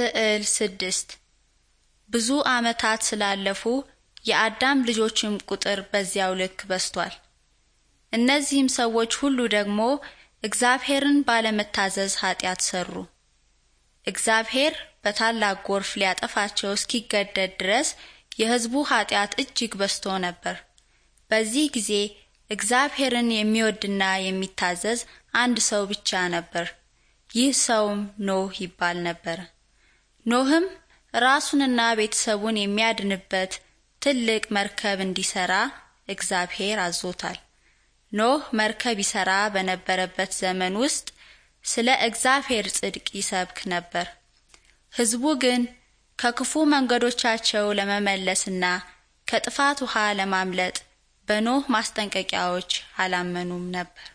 ስዕል ስድስት ብዙ ዓመታት ስላለፉ የአዳም ልጆችም ቁጥር በዚያው ልክ በስቷል። እነዚህም ሰዎች ሁሉ ደግሞ እግዚአብሔርን ባለመታዘዝ ኃጢአት ሰሩ። እግዚአብሔር በታላቅ ጎርፍ ሊያጠፋቸው እስኪገደድ ድረስ የሕዝቡ ኃጢአት እጅግ በስቶ ነበር። በዚህ ጊዜ እግዚአብሔርን የሚወድና የሚታዘዝ አንድ ሰው ብቻ ነበር። ይህ ሰውም ኖህ ይባል ነበር። ኖህም ራሱንና ቤተሰቡን የሚያድንበት ትልቅ መርከብ እንዲሰራ እግዚአብሔር አዞታል። ኖህ መርከብ ይሰራ በነበረበት ዘመን ውስጥ ስለ እግዚአብሔር ጽድቅ ይሰብክ ነበር። ሕዝቡ ግን ከክፉ መንገዶቻቸው ለመመለስና ከጥፋት ውሃ ለማምለጥ በኖህ ማስጠንቀቂያዎች አላመኑም ነበር።